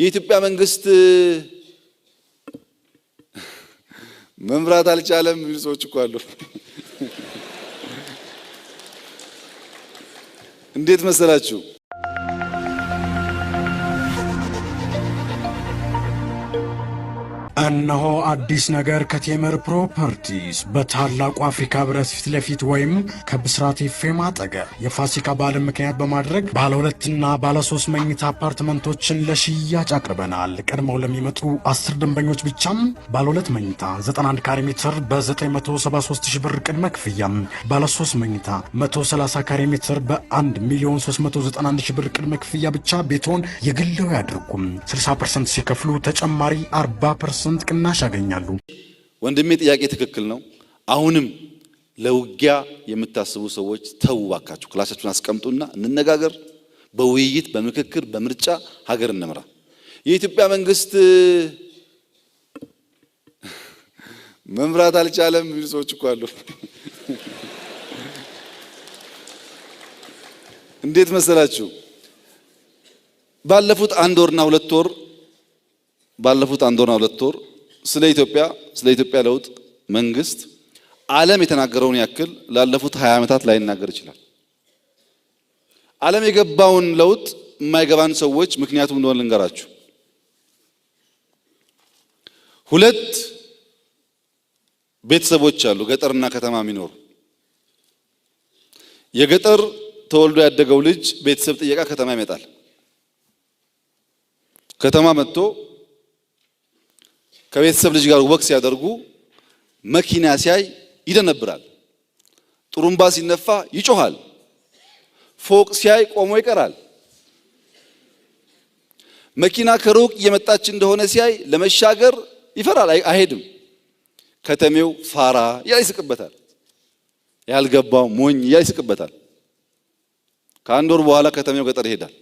የኢትዮጵያ መንግስት መምራት አልቻለም የሚሉ ሰዎች እኮ አሉ። እንዴት መሰላችሁ? እነሆ አዲስ ነገር ከቴምር ፕሮፐርቲስ በታላቁ አፍሪካ ህብረት ፊት ለፊት ወይም ከብስራት ኤፍኤም አጠገብ የፋሲካ በዓልን ምክንያት በማድረግ ባለ ሁለትና ባለ ሶስት መኝታ አፓርትመንቶችን ለሽያጭ አቅርበናል። ቀድመው ለሚመጡ አስር ደንበኞች ብቻም ባለ ሁለት መኝታ 91 ካሬ ሜትር በ973 ሺ ብር ቅድመ ክፍያም፣ ባለ ሶስት መኝታ 130 ካሬ ሜትር በ1 ሚሊዮን 391 ሺ ብር ቅድመ ክፍያ ብቻ ቤትዎን የግለው ያድርጉም። 60 ፐርሰንት ሲከፍሉ ተጨማሪ 40 ፐርሰንት ፐርሰንት ቅናሽ ያገኛሉ። ወንድሜ ጥያቄ ትክክል ነው። አሁንም ለውጊያ የምታስቡ ሰዎች ተው ባካችሁ፣ ክላሳችሁን አስቀምጡና እንነጋገር። በውይይት በምክክር በምርጫ ሀገር እንምራ። የኢትዮጵያ መንግስት መምራት አልቻለም የሚሉ ሰዎች እኮ አሉ። እንዴት መሰላችሁ? ባለፉት አንድ ወርና ሁለት ወር ባለፉት አንድ ወርና ሁለት ወር ስለ ኢትዮጵያ ስለ ኢትዮጵያ ለውጥ መንግስት ዓለም የተናገረውን ያክል ላለፉት 20 ዓመታት ላይናገር ይችላል። ዓለም የገባውን ለውጥ የማይገባን ሰዎች ምክንያቱም እንደሆነ ልንገራችሁ። ሁለት ቤተሰቦች አሉ፣ ገጠርና ከተማ የሚኖሩ የገጠር ተወልዶ ያደገው ልጅ ቤተሰብ ጥየቃ ከተማ ይመጣል። ከተማ መጥቶ ከቤተሰብ ልጅ ጋር ወቅት ሲያደርጉ መኪና ሲያይ ይደነብራል። ጥሩምባ ሲነፋ ይጮሃል። ፎቅ ሲያይ ቆሞ ይቀራል። መኪና ከሩቅ እየመጣች እንደሆነ ሲያይ ለመሻገር ይፈራል፣ አይሄድም። ከተሜው ፋራ እያለ ይስቅበታል። ያልገባው ሞኝ እያለ ይስቅበታል። ከአንድ ወር በኋላ ከተሜው ገጠር ይሄዳል።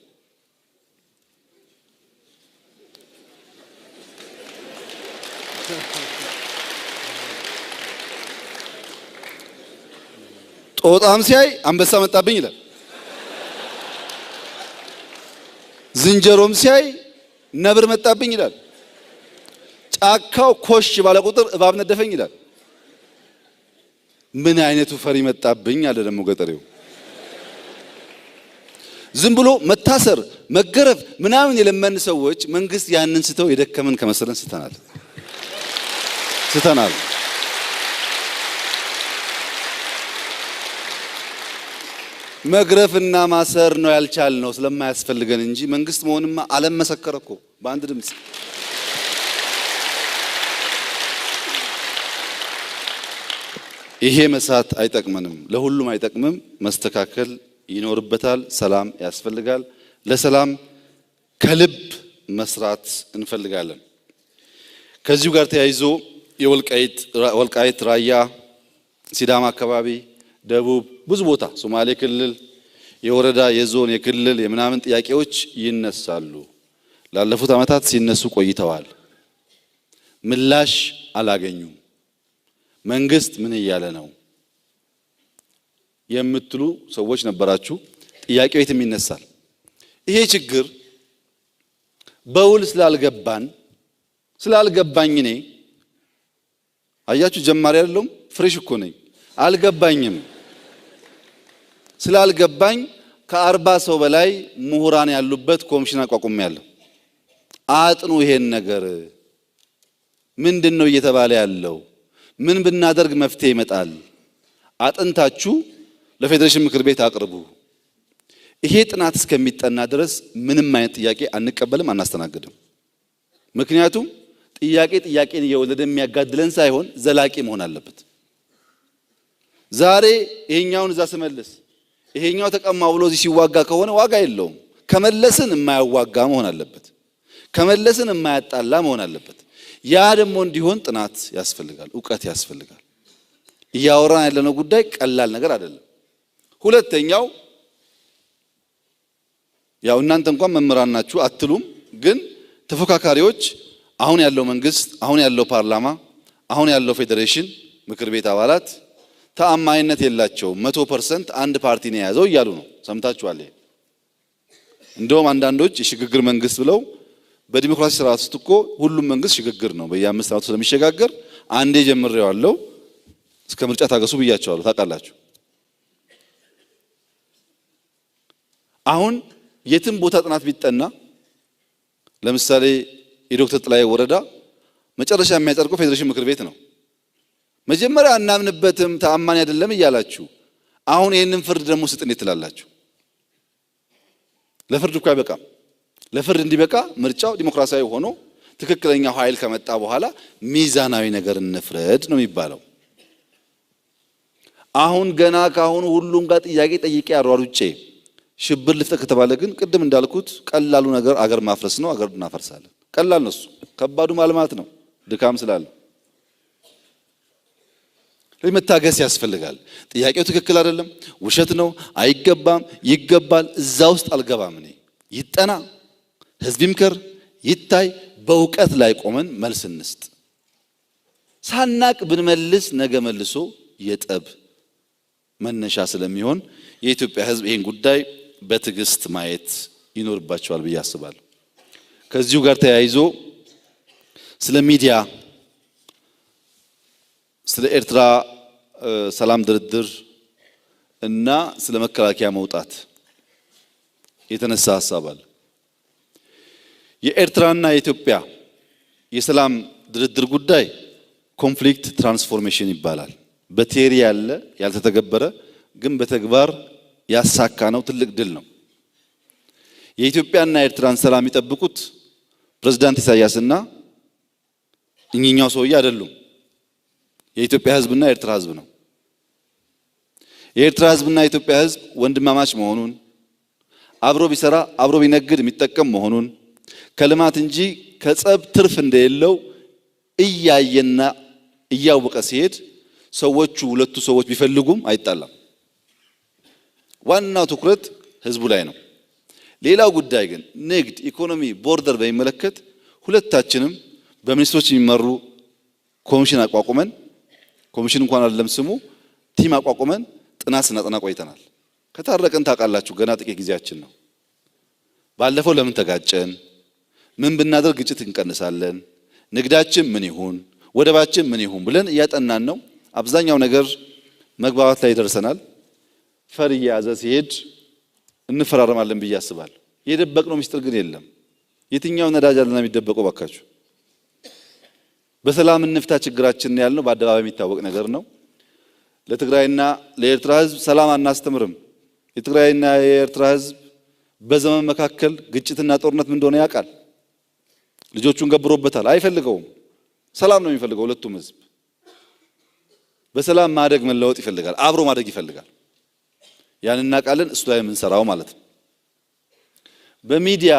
ጦጣም ሲያይ አንበሳ መጣብኝ ይላል። ዝንጀሮም ሲያይ ነብር መጣብኝ ይላል። ጫካው ኮሽ ባለ ቁጥር እባብ ነደፈኝ ይላል። ምን አይነቱ ፈሪ መጣብኝ አለ ደግሞ ገጠሬው። ዝም ብሎ መታሰር፣ መገረፍ ምናምን የለመን ሰዎች መንግስት ያንን ስተው የደከመን ከመሰለን ስተናል ስተናል። መግረፍና ማሰር ነው ያልቻልነው ስለማያስፈልገን እንጂ መንግስት መሆንማ ዓለም መሰከረ እኮ በአንድ ድምፅ። ይሄ መሳት አይጠቅመንም፣ ለሁሉም አይጠቅምም። መስተካከል ይኖርበታል። ሰላም ያስፈልጋል። ለሰላም ከልብ መስራት እንፈልጋለን። ከዚሁ ጋር ተያይዞ የወልቃይት ራያ ሲዳማ አካባቢ ደቡብ፣ ብዙ ቦታ ሶማሌ ክልል የወረዳ የዞን የክልል የምናምን ጥያቄዎች ይነሳሉ። ላለፉት ዓመታት ሲነሱ ቆይተዋል። ምላሽ አላገኙም። መንግስት ምን እያለ ነው የምትሉ ሰዎች ነበራችሁ። ጥያቄው የትም ይነሳል። ይሄ ችግር በውል ስላልገባን ስላልገባኝ እኔ አያችሁ ጀማሪ አይደለሁም፣ ፍሬሽ እኮ ነኝ። አልገባኝም ስላልገባኝ ከአርባ ሰው በላይ ምሁራን ያሉበት ኮሚሽን ያለው አጥኑ ይሄን ነገር ምንድን ነው እየተባለ ያለው? ምን ብናደርግ መፍትሄ ይመጣል? አጥንታችሁ ለፌዴሬሽን ምክር ቤት አቅርቡ። ይሄ ጥናት እስከሚጠና ድረስ ምንም አይነት ጥያቄ አንቀበልም፣ አናስተናግድም። ምክንያቱም ጥያቄ ጥያቄን እየወለደ የሚያጋድለን ሳይሆን ዘላቂ መሆን አለበት። ዛሬ ይሄኛውን እዛ ስመልስ ይሄኛው ተቀማ ብሎ እዚህ ሲዋጋ ከሆነ ዋጋ የለውም። ከመለስን የማያዋጋ መሆን አለበት። ከመለስን የማያጣላ መሆን አለበት። ያ ደግሞ እንዲሆን ጥናት ያስፈልጋል፣ እውቀት ያስፈልጋል። እያወራን ያለነው ጉዳይ ቀላል ነገር አይደለም። ሁለተኛው ያው እናንተ እንኳን መምህራን ናችሁ አትሉም፣ ግን ተፎካካሪዎች አሁን ያለው መንግስት፣ አሁን ያለው ፓርላማ፣ አሁን ያለው ፌዴሬሽን ምክር ቤት አባላት ተአማኝነት የላቸው መቶ ፐርሰንት አንድ ፓርቲ ነው የያዘው እያሉ ነው። ሰምታችኋል። እንደውም አንዳንዶች የሽግግር መንግስት ብለው በዲሞክራሲ ስርዓት ውስጥ እኮ ሁሉም መንግስት ሽግግር ነው። በየአምስት ዓመቱ ስለሚሸጋገር አንዴ ጀምሬዋለሁ እስከ ምርጫ ታገሱ ብያቸዋለሁ። ታውቃላችሁ። አሁን የትም ቦታ ጥናት ቢጠና ለምሳሌ የዶክተር ጥላዬ ወረዳ መጨረሻ የሚያጸድቀው ፌዴሬሽን ምክር ቤት ነው። መጀመሪያ አናምንበትም፣ ተአማኝ አይደለም እያላችሁ አሁን ይህንን ፍርድ ደግሞ ስጥ እንዴት ትላላችሁ? ለፍርድ እኮ አይበቃም። ለፍርድ እንዲበቃ ምርጫው ዲሞክራሲያዊ ሆኖ ትክክለኛው ኃይል ከመጣ በኋላ ሚዛናዊ ነገር እንፍረድ ነው የሚባለው። አሁን ገና ካሁኑ ሁሉም ጋር ጥያቄ ጠይቄ አሯሩጬ ሽብር ልፍጠር ከተባለ ግን ቅድም እንዳልኩት ቀላሉ ነገር አገር ማፍረስ ነው። አገር እናፈርሳለን። ቀላል ነው እሱ። ከባዱ ማልማት ነው ድካም ስላለ ስለዚህ መታገስ ያስፈልጋል። ጥያቄው ትክክል አይደለም፣ ውሸት ነው፣ አይገባም፣ ይገባል፣ እዛ ውስጥ አልገባም። እኔ ይጠና፣ ህዝብ ይምከር፣ ይታይ፣ በእውቀት ላይ ቆመን መልስ እንስጥ። ሳናቅ ብንመልስ ነገ መልሶ የጠብ መነሻ ስለሚሆን የኢትዮጵያ ህዝብ ይህን ጉዳይ በትዕግስት ማየት ይኖርባቸዋል ብዬ አስባለሁ። ከዚሁ ጋር ተያይዞ ስለ ሚዲያ ስለ ኤርትራ ሰላም ድርድር እና ስለ መከላከያ መውጣት የተነሳ ሀሳብ አለ። የኤርትራና የኢትዮጵያ የሰላም ድርድር ጉዳይ ኮንፍሊክት ትራንስፎርሜሽን ይባላል። በቴሪ ያለ ያልተተገበረ ግን በተግባር ያሳካ ነው። ትልቅ ድል ነው። የኢትዮጵያና የኤርትራን ሰላም የሚጠብቁት ፕሬዝዳንት ኢሳያስና እኚኛው ሰውዬ አይደሉም። የኢትዮጵያ ህዝብና የኤርትራ ህዝብ ነው። የኤርትራ ህዝብና የኢትዮጵያ ህዝብ ወንድማማች መሆኑን አብሮ ቢሰራ አብሮ ቢነግድ የሚጠቀም መሆኑን ከልማት እንጂ ከጸብ ትርፍ እንደሌለው እያየና እያወቀ ሲሄድ ሰዎቹ ሁለቱ ሰዎች ቢፈልጉም አይጣላም። ዋናው ትኩረት ህዝቡ ላይ ነው። ሌላው ጉዳይ ግን ንግድ፣ ኢኮኖሚ፣ ቦርደር በሚመለከት ሁለታችንም በሚኒስትሮች የሚመሩ ኮሚሽን አቋቁመን ኮሚሽን እንኳን አይደለም ስሙ፣ ቲም አቋቁመን ጥናት ስናጠና ቆይተናል። ከታረቅን ታውቃላችሁ፣ ገና ጥቂት ጊዜያችን ነው። ባለፈው ለምን ተጋጨን? ምን ብናደርግ ግጭት እንቀንሳለን? ንግዳችን ምን ይሁን? ወደባችን ምን ይሁን ብለን እያጠናን ነው። አብዛኛው ነገር መግባባት ላይ ደርሰናል። ፈር እየያዘ ሲሄድ እንፈራረማለን ብዬ አስባለሁ። የደበቅነው ሚስጥር ግን የለም። የትኛው ነዳጅ አለና የሚደበቀው ባካችሁ? በሰላም እንፍታ ችግራችን ያልነው በአደባባይ የሚታወቅ ነገር ነው። ለትግራይና ለኤርትራ ህዝብ ሰላም አናስተምርም። የትግራይና የኤርትራ ህዝብ በዘመን መካከል ግጭትና ጦርነት ምን እንደሆነ ያውቃል። ልጆቹን ገብሮበታል። አይፈልገውም። ሰላም ነው የሚፈልገው። ሁለቱም ህዝብ በሰላም ማደግ መለወጥ ይፈልጋል። አብሮ ማደግ ይፈልጋል። ያን እናውቃለን። እሱ ላይ የምንሰራው ማለት ነው። በሚዲያ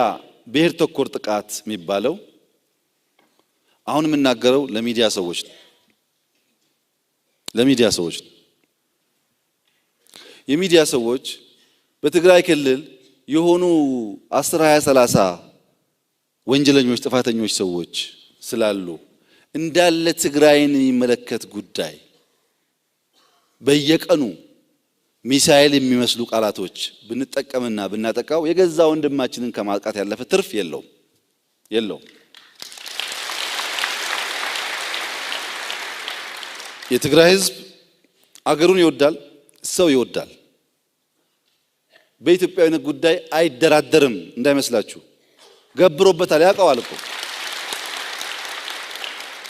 ብሔር ተኮር ጥቃት የሚባለው አሁን የምናገረው ለሚዲያ ሰዎች ነው። ለሚዲያ ሰዎች ነው። የሚዲያ ሰዎች በትግራይ ክልል የሆኑ 10፣ 20፣ 30 ወንጀለኞች፣ ጥፋተኞች ሰዎች ስላሉ እንዳለ ትግራይን የሚመለከት ጉዳይ በየቀኑ ሚሳኤል የሚመስሉ ቃላቶች ብንጠቀምና ብናጠቃው የገዛ ወንድማችንን ከማጥቃት ያለፈ ትርፍ የለውም የለውም። የትግራይ ህዝብ አገሩን ይወዳል፣ ሰው ይወዳል። በኢትዮጵያዊነት ጉዳይ አይደራደርም እንዳይመስላችሁ። ገብሮበታል፣ ያውቀዋል እኮ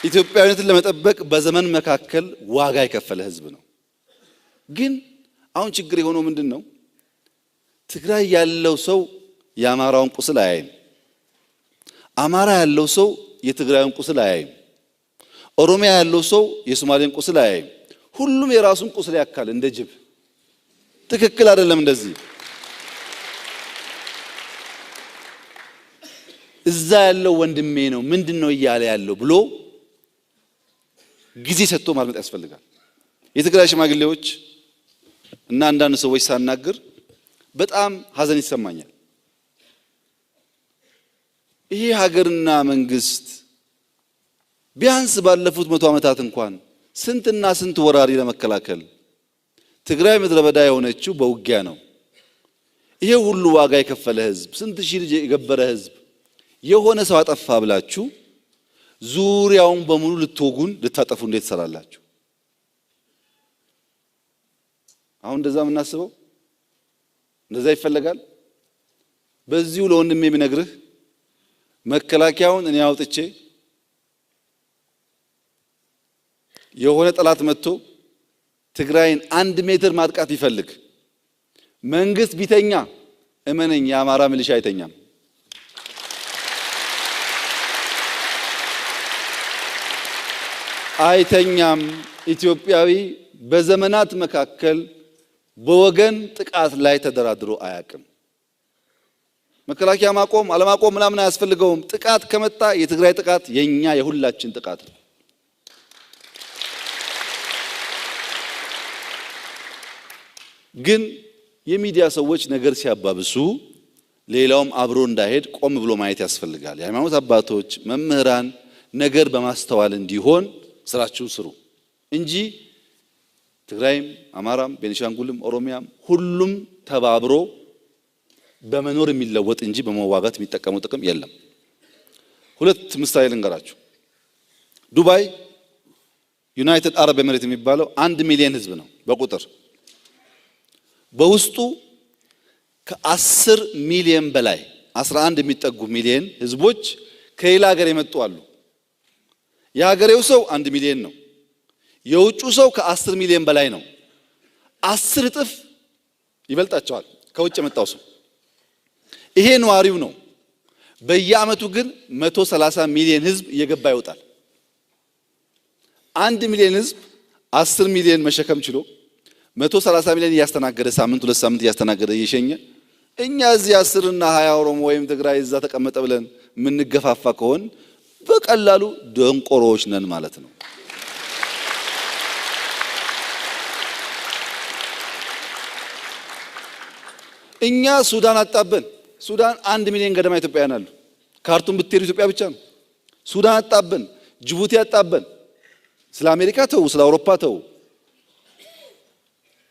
ኢትዮጵያዊነትን ለመጠበቅ በዘመን መካከል ዋጋ የከፈለ ህዝብ ነው። ግን አሁን ችግር የሆነው ምንድን ነው? ትግራይ ያለው ሰው የአማራውን ቁስል አያይም። አማራ ያለው ሰው የትግራዩን ቁስል አያይም። ኦሮሚያ ያለው ሰው የሶማሌን ቁስል አያይም። ሁሉም የራሱን ቁስል ያካል እንደ ጅብ። ትክክል አይደለም። እንደዚህ እዛ ያለው ወንድሜ ነው ምንድን ነው እያለ ያለው ብሎ ጊዜ ሰጥቶ ማድመጥ ያስፈልጋል። የትግራይ ሽማግሌዎች እና አንዳንድ ሰዎች ሳናግር በጣም ሀዘን ይሰማኛል። ይሄ ሀገርና መንግስት ቢያንስ ባለፉት መቶ ዓመታት እንኳን ስንትና ስንት ወራሪ ለመከላከል ትግራይ ምድረ በዳ የሆነችው በውጊያ ነው። ይሄ ሁሉ ዋጋ የከፈለ ህዝብ፣ ስንት ሺህ ልጅ የገበረ ህዝብ የሆነ ሰው አጠፋ ብላችሁ ዙሪያውን በሙሉ ልትወጉን ልታጠፉ እንዴት ትሰራላችሁ? አሁን እንደዛ የምናስበው እንደዛ ይፈለጋል። በዚሁ ለወንድሜ የሚነግርህ መከላከያውን እኔ አውጥቼ የሆነ ጠላት መጥቶ ትግራይን አንድ ሜትር ማጥቃት ቢፈልግ መንግስት ቢተኛ እመነኝ፣ የአማራ ሚሊሻ አይተኛም። አይተኛም። ኢትዮጵያዊ በዘመናት መካከል በወገን ጥቃት ላይ ተደራድሮ አያውቅም። መከላከያ ማቆም አለማቆም ምናምን አያስፈልገውም። ጥቃት ከመጣ የትግራይ ጥቃት የኛ የሁላችን ጥቃት ነው። ግን የሚዲያ ሰዎች ነገር ሲያባብሱ ሌላውም አብሮ እንዳይሄድ ቆም ብሎ ማየት ያስፈልጋል። የሃይማኖት አባቶች፣ መምህራን ነገር በማስተዋል እንዲሆን ስራችሁን ስሩ እንጂ ትግራይም፣ አማራም፣ ቤኒሻንጉልም፣ ኦሮሚያም ሁሉም ተባብሮ በመኖር የሚለወጥ እንጂ በመዋጋት የሚጠቀሙ ጥቅም የለም። ሁለት ምሳሌ ልንገራችሁ። ዱባይ ዩናይትድ አረብ ኤምሬት የሚባለው አንድ ሚሊየን ህዝብ ነው በቁጥር በውስጡ ከአስር ሚሊየን በላይ 11 የሚጠጉ ሚሊየን ህዝቦች ከሌላ ሀገር የመጡ አሉ። የሀገሬው ሰው አንድ ሚሊየን ነው። የውጩ ሰው ከአስር ሚሊየን በላይ ነው። አስር እጥፍ ይበልጣቸዋል ከውጭ የመጣው ሰው። ይሄ ነዋሪው ነው። በየአመቱ ግን 130 ሚሊየን ህዝብ እየገባ ይወጣል። አንድ ሚሊየን ህዝብ አስር ሚሊየን መሸከም ችሎ መቶ ሰላሳ ሚሊዮን እያስተናገደ ሳምንት ሁለት ሳምንት እያስተናገደ እየሸኘ እኛ እዚህ አስርና ሀያ ኦሮሞ ወይም ትግራይ እዛ ተቀመጠ ብለን የምንገፋፋ ከሆን በቀላሉ ደንቆሮዎች ነን ማለት ነው። እኛ ሱዳን አጣበን። ሱዳን አንድ ሚሊዮን ገደማ ኢትዮጵያውያን አሉ። ካርቱም ብትሄዱ ኢትዮጵያ ብቻ ነው። ሱዳን አጣበን፣ ጅቡቲ አጣበን። ስለ አሜሪካ ተው፣ ስለ አውሮፓ ተው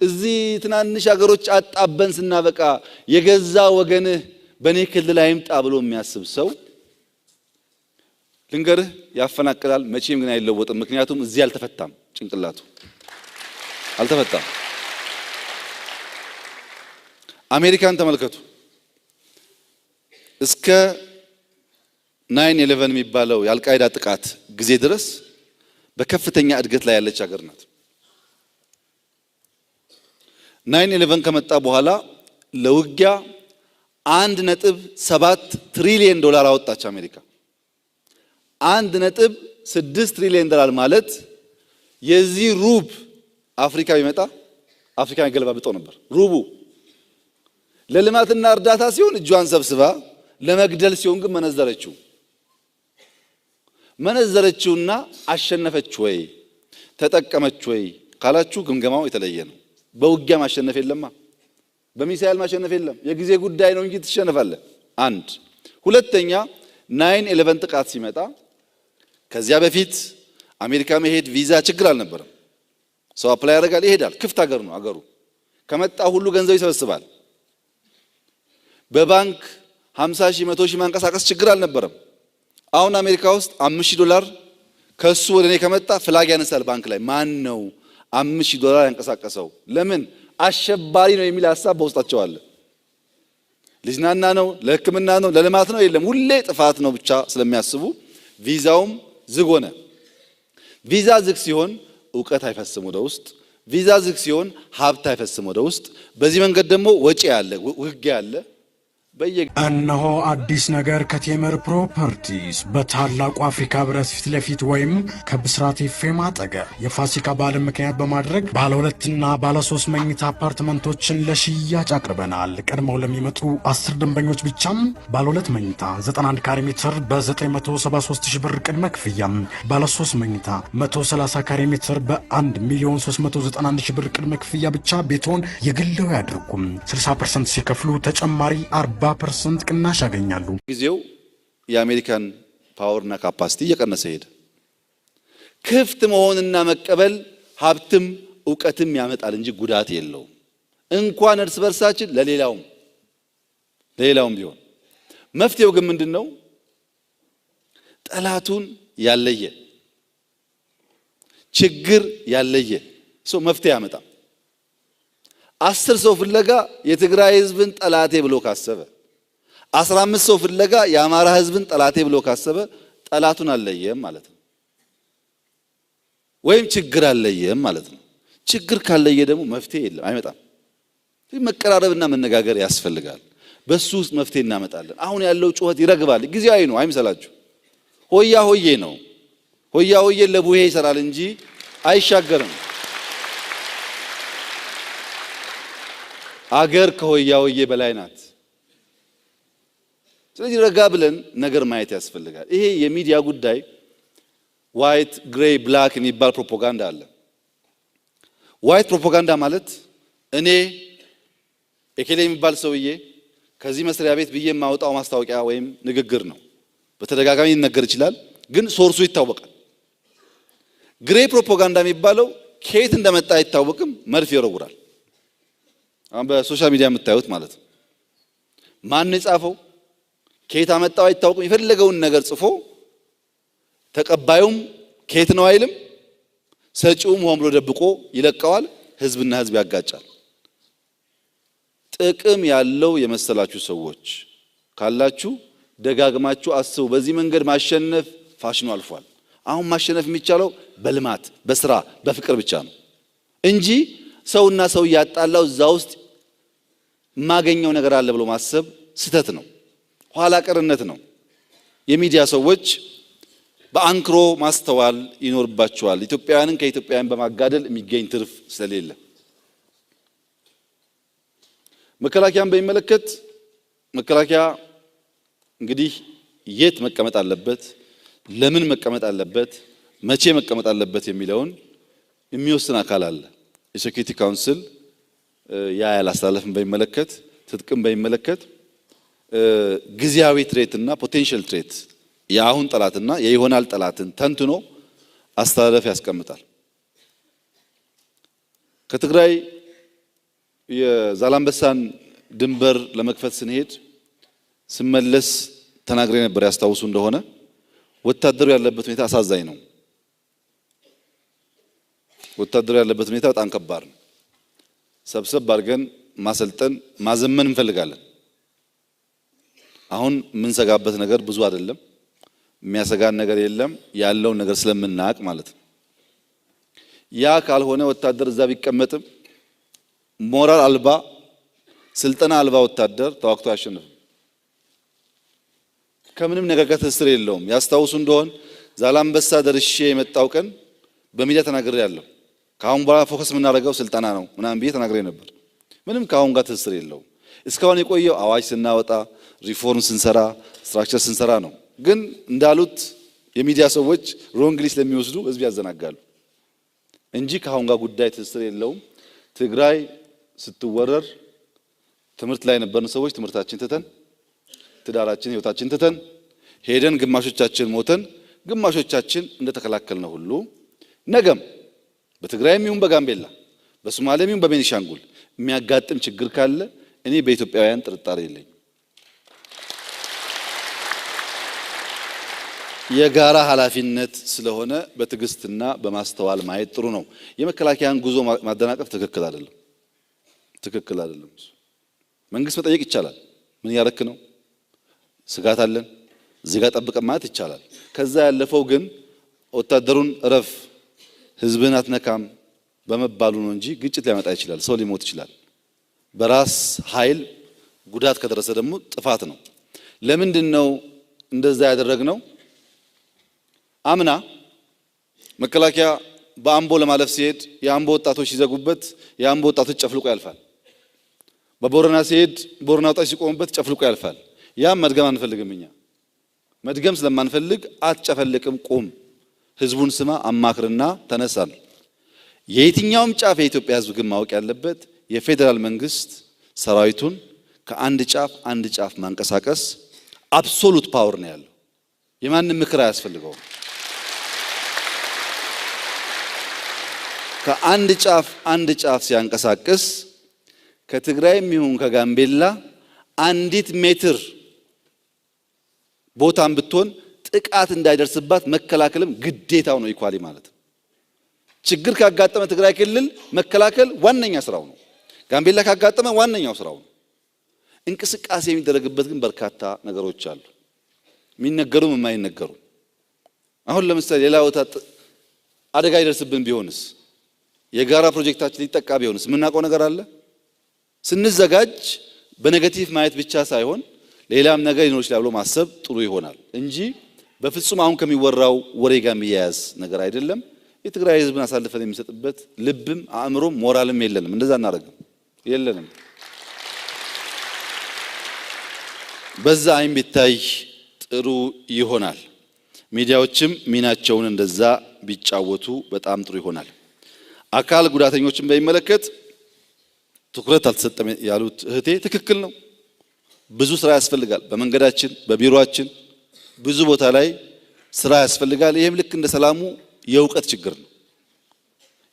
እዚህ ትናንሽ ሀገሮች አጣበን ስናበቃ የገዛ ወገንህ በእኔ ክልል አይምጣ ብሎ የሚያስብ ሰው ልንገርህ ያፈናቅላል። መቼም ግን አይለወጥም። ምክንያቱም እዚህ አልተፈታም፣ ጭንቅላቱ አልተፈታም። አሜሪካን ተመልከቱ። እስከ ናይን ኤሌቨን የሚባለው የአልቃይዳ ጥቃት ጊዜ ድረስ በከፍተኛ እድገት ላይ ያለች ሀገር ናት። ናይን ኤሌቨን ከመጣ በኋላ ለውጊያ አንድ ነጥብ ሰባት ትሪሊየን ዶላር አወጣች አሜሪካ። አንድ ነጥብ ስድስት ትሪሊየን ዶላር ማለት የዚህ ሩብ አፍሪካ ቢመጣ አፍሪካ ብጦ ነበር። ሩቡ ለልማትና እርዳታ ሲሆን እጇን ሰብስባ ለመግደል ሲሆን ግን መነዘረችው መነዘረችውና አሸነፈች ወይ ተጠቀመች ወይ ካላችሁ ግምገማው የተለየ ነው። በውጊያ ማሸነፍ የለማ፣ በሚሳኤል ማሸነፍ የለም። የጊዜ ጉዳይ ነው እንጂ ትሸነፋለ። አንድ ሁለተኛ፣ ናይን ኤሌቨን ጥቃት ሲመጣ ከዚያ በፊት አሜሪካ መሄድ ቪዛ ችግር አልነበረም። ሰው አፕላይ ያደርጋል፣ ይሄዳል። ክፍት ሀገር ነው አገሩ። ከመጣ ሁሉ ገንዘብ ይሰበስባል። በባንክ 50 ሺህ፣ 100 ሺህ ማንቀሳቀስ ችግር አልነበረም። አሁን አሜሪካ ውስጥ 5000 ዶላር ከሱ ወደ እኔ ከመጣ ፍላግ ያነሳል ባንክ ላይ ማን ነው አምስት ሺህ ዶላር ያንቀሳቀሰው ለምን አሸባሪ ነው የሚል ሀሳብ በውስጣቸው አለ። ልዝናና ነው፣ ለሕክምና ነው፣ ለልማት ነው የለም፣ ሁሌ ጥፋት ነው ብቻ ስለሚያስቡ ቪዛውም ዝግ ሆነ። ቪዛ ዝግ ሲሆን እውቀት አይፈስም ወደ ውስጥ። ቪዛ ዝግ ሲሆን ሀብት አይፈስም ወደ ውስጥ። በዚህ መንገድ ደግሞ ወጪ አለ፣ ውግ ያለ እነሆ አዲስ ነገር ከቴምር ፕሮፐርቲስ በታላቁ አፍሪካ ህብረት ፊት ለፊት ወይም ከብስራት ኤፍኤም አጠገብ የፋሲካ በዓልን ምክንያት በማድረግ ባለ ሁለትና ባለ ሶስት መኝታ አፓርትመንቶችን ለሽያጭ አቅርበናል። ቀድመው ለሚመጡ አስር ደንበኞች ብቻም ባለ ሁለት መኝታ 91 ካሬ ሜትር በ973 ሺ ብር ቅድመ ክፍያ፣ ባለ ሶስት መኝታ 130 ካሬ ሜትር በ1 ሚሊዮን 391 ሺ ብር ቅድመ ክፍያ ብቻ ቤቶን የግለው ያድርጉም። 60 ፐርሰንት ሲከፍሉ ተጨማሪ 40 40 ፐርሰንት ቅናሽ ያገኛሉ። ጊዜው የአሜሪካን ፓወርና ካፓሲቲ እየቀነሰ ሄደ። ክፍት መሆንና መቀበል ሀብትም እውቀትም ያመጣል እንጂ ጉዳት የለውም። እንኳን እርስ በርሳችን ለሌላውም ለሌላውም ቢሆን መፍትሄው ግን ምንድን ነው? ጠላቱን ያለየ ችግር ያለየ ሰው መፍትሄ ያመጣ። አስር ሰው ፍለጋ የትግራይ ህዝብን ጠላቴ ብሎ ካሰበ አስራ አምስት ሰው ፍለጋ የአማራ ህዝብን ጠላቴ ብሎ ካሰበ ጠላቱን አለየም ማለት ነው፣ ወይም ችግር አለየም ማለት ነው። ችግር ካለየ ደግሞ መፍትሄ የለም አይመጣም። መቀራረብና መነጋገር ያስፈልጋል። በሱ ውስጥ መፍትሄ እናመጣለን። አሁን ያለው ጩኸት ይረግባል። ጊዜያዊ ነው አይምሰላችሁ። ሆያ ሆዬ ነው። ሆያ ሆዬ ለቡሄ ይሰራል እንጂ አይሻገርም። አገር ከሆያ ሆዬ በላይ ናት። ስለዚህ ረጋ ብለን ነገር ማየት ያስፈልጋል። ይሄ የሚዲያ ጉዳይ ዋይት ግሬይ ብላክ የሚባል ፕሮፓጋንዳ አለ። ዋይት ፕሮፓጋንዳ ማለት እኔ ኤኬሌ የሚባል ሰውዬ ከዚህ መስሪያ ቤት ብዬ የማወጣው ማስታወቂያ ወይም ንግግር ነው። በተደጋጋሚ ሊነገር ይችላል፣ ግን ሶርሱ ይታወቃል። ግሬ ፕሮፓጋንዳ የሚባለው ከየት እንደመጣ አይታወቅም፣ መድፍ ይወረውራል። አሁን በሶሻል ሚዲያ የምታዩት ማለት ነው። ማን የጻፈው ከየት አመጣው አይታወቅም። የፈለገውን ነገር ጽፎ ተቀባዩም ከየት ነው አይልም። ሰጪውም ሆን ብሎ ደብቆ ይለቀዋል። ህዝብና ህዝብ ያጋጫል። ጥቅም ያለው የመሰላችሁ ሰዎች ካላችሁ ደጋግማችሁ አስቡ። በዚህ መንገድ ማሸነፍ ፋሽኑ አልፏል። አሁን ማሸነፍ የሚቻለው በልማት በስራ በፍቅር ብቻ ነው እንጂ ሰውና ሰው እያጣላው እዛ ውስጥ የማገኘው ነገር አለ ብሎ ማሰብ ስህተት ነው። ኋላ ቀርነት ነው። የሚዲያ ሰዎች በአንክሮ ማስተዋል ይኖርባቸዋል። ኢትዮጵያውያንን ከኢትዮጵያውያን በማጋደል የሚገኝ ትርፍ ስለሌለ መከላከያን በሚመለከት መከላከያ እንግዲህ የት መቀመጥ አለበት፣ ለምን መቀመጥ አለበት፣ መቼ መቀመጥ አለበት የሚለውን የሚወስን አካል አለ። የሴኩሪቲ ካውንስል ያ ያላስተላለፍን በሚመለከት ትጥቅም በሚመለከት ጊዜያዊ ትሬትና ፖቴንሻል ትሬት የአሁን ጠላትና የይሆናል ጠላትን ተንትኖ አስተላለፍ ያስቀምጣል። ከትግራይ የዛላምበሳን ድንበር ለመክፈት ስንሄድ ስመለስ ተናግሬ ነበር። ያስታውሱ እንደሆነ ወታደሩ ያለበት ሁኔታ አሳዛኝ ነው። ወታደሩ ያለበት ሁኔታ በጣም ከባድ ነው። ሰብሰብ አድርገን ማሰልጠን ማዘመን እንፈልጋለን። አሁን የምንሰጋበት ነገር ብዙ አይደለም። የሚያሰጋን ነገር የለም፣ ያለውን ነገር ስለምናውቅ ማለት ነው። ያ ካልሆነ ወታደር እዛ ቢቀመጥም ሞራል አልባ ስልጠና አልባ ወታደር ተዋግቶ አያሸንፍም። ከምንም ነገር ጋር ትስስር የለውም። ያስታውሱ እንደሆን ዛላምበሳ ደርሼ የመጣው ቀን በሚዲያ ተናግሬ ያለው ከአሁን በኋላ ፎከስ የምናደርገው ስልጠና ነው ምናምን ብዬ ተናግሬ ነበር። ምንም ከአሁን ጋር ትስስር የለውም። እስካሁን የቆየው አዋጅ ስናወጣ ሪፎርም ስንሰራ ስትራክቸር ስንሰራ ነው። ግን እንዳሉት የሚዲያ ሰዎች ሮንግሊ ስለሚወስዱ ህዝብ ያዘናጋሉ እንጂ ከአሁን ጋር ጉዳይ ትስስር የለውም። ትግራይ ስትወረር ትምህርት ላይ የነበርን ሰዎች ትምህርታችን ትተን ትዳራችን ህይወታችን ትተን ሄደን ግማሾቻችን ሞተን ግማሾቻችን እንደተከላከል ነው ሁሉ ነገም በትግራይም ይሁን በጋምቤላ በሶማሌም ይሁን በቤኒሻንጉል የሚያጋጥም ችግር ካለ እኔ በኢትዮጵያውያን ጥርጣሬ የለኝ። የጋራ ኃላፊነት ስለሆነ በትዕግስትና በማስተዋል ማየት ጥሩ ነው። የመከላከያን ጉዞ ማደናቀፍ ትክክል አይደለም፣ ትክክል አይደለም። መንግስት መጠየቅ ይቻላል። ምን እያረክ ነው? ስጋት አለን፣ ዜጋ ጠብቀን ማለት ይቻላል። ከዛ ያለፈው ግን ወታደሩን እረፍ፣ ህዝብን አትነካም በመባሉ ነው እንጂ ግጭት ሊያመጣ ይችላል። ሰው ሊሞት ይችላል። በራስ ኃይል ጉዳት ከደረሰ ደግሞ ጥፋት ነው። ለምንድን ነው እንደዛ ያደረግነው? አምና መከላከያ በአምቦ ለማለፍ ሲሄድ የአምቦ ወጣቶች ሲዘጉበት የአምቦ ወጣቶች ጨፍልቆ ያልፋል። በቦረና ሲሄድ ቦረና ወጣቶች ሲቆሙበት ጨፍልቆ ያልፋል። ያም መድገም አንፈልግም። እኛ መድገም ስለማንፈልግ አትጨፈልቅም፣ ቁም፣ ህዝቡን ስማ፣ አማክርና ተነሳል። የየትኛውም ጫፍ የኢትዮጵያ ህዝብ ግን ማወቅ ያለበት የፌዴራል መንግስት ሰራዊቱን ከአንድ ጫፍ አንድ ጫፍ ማንቀሳቀስ አብሶሉት ፓወር ነው ያለው። የማንም ምክር አያስፈልገውም። ከአንድ ጫፍ አንድ ጫፍ ሲያንቀሳቅስ ከትግራይም ይሁን ከጋምቤላ አንዲት ሜትር ቦታን ብትሆን ጥቃት እንዳይደርስባት መከላከልም ግዴታው ነው። ኢኳሊ ማለት ችግር ካጋጠመ ትግራይ ክልል መከላከል ዋነኛ ስራው ነው። ጋምቤላ ካጋጠመ ዋነኛው ስራው ነው። እንቅስቃሴ የሚደረግበት ግን በርካታ ነገሮች አሉ፣ የሚነገሩም የማይነገሩ። አሁን ለምሳሌ ሌላ ቦታ አደጋ ይደርስብን ቢሆንስ የጋራ ፕሮጀክታችን ሊጠቃ ቢሆንስ የምናውቀው ነገር አለ። ስንዘጋጅ በኔጌቲቭ ማየት ብቻ ሳይሆን ሌላም ነገር ሊኖር ይችላል ብሎ ማሰብ ጥሩ ይሆናል እንጂ በፍጹም አሁን ከሚወራው ወሬ ጋር የሚያያዝ ነገር አይደለም። የትግራይ ሕዝብን አሳልፈን የሚሰጥበት ልብም አእምሮም ሞራልም የለንም። እንደዛ እናደርግም የለንም። በዛ አይን ቢታይ ጥሩ ይሆናል። ሚዲያዎችም ሚናቸውን እንደዛ ቢጫወቱ በጣም ጥሩ ይሆናል። አካል ጉዳተኞችን በሚመለከት ትኩረት አልተሰጠም ያሉት እህቴ ትክክል ነው። ብዙ ስራ ያስፈልጋል። በመንገዳችን፣ በቢሮአችን ብዙ ቦታ ላይ ስራ ያስፈልጋል። ይህም ልክ እንደ ሰላሙ የእውቀት ችግር ነው።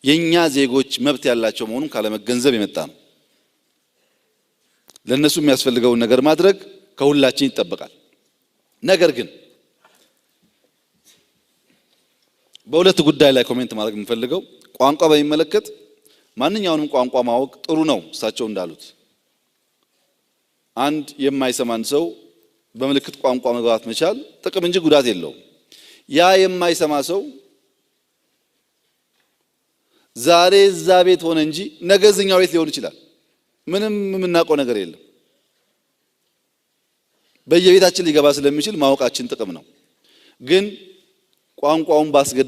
የእኛ ዜጎች መብት ያላቸው መሆኑን ካለመገንዘብ የመጣ ነው። ለእነሱ የሚያስፈልገውን ነገር ማድረግ ከሁላችን ይጠበቃል። ነገር ግን በሁለት ጉዳይ ላይ ኮሜንት ማድረግ የምፈልገው ቋንቋ በሚመለከት ማንኛውንም ቋንቋ ማወቅ ጥሩ ነው። እሳቸው እንዳሉት አንድ የማይሰማን ሰው በምልክት ቋንቋ መግባት መቻል ጥቅም እንጂ ጉዳት የለውም። ያ የማይሰማ ሰው ዛሬ እዛ ቤት ሆነ እንጂ ነገ ቤት ሊሆን ይችላል። ምንም የምናውቀው ነገር የለም። በየቤታችን ሊገባ ስለሚችል ማወቃችን ጥቅም ነው። ግን ቋንቋውን ባስገ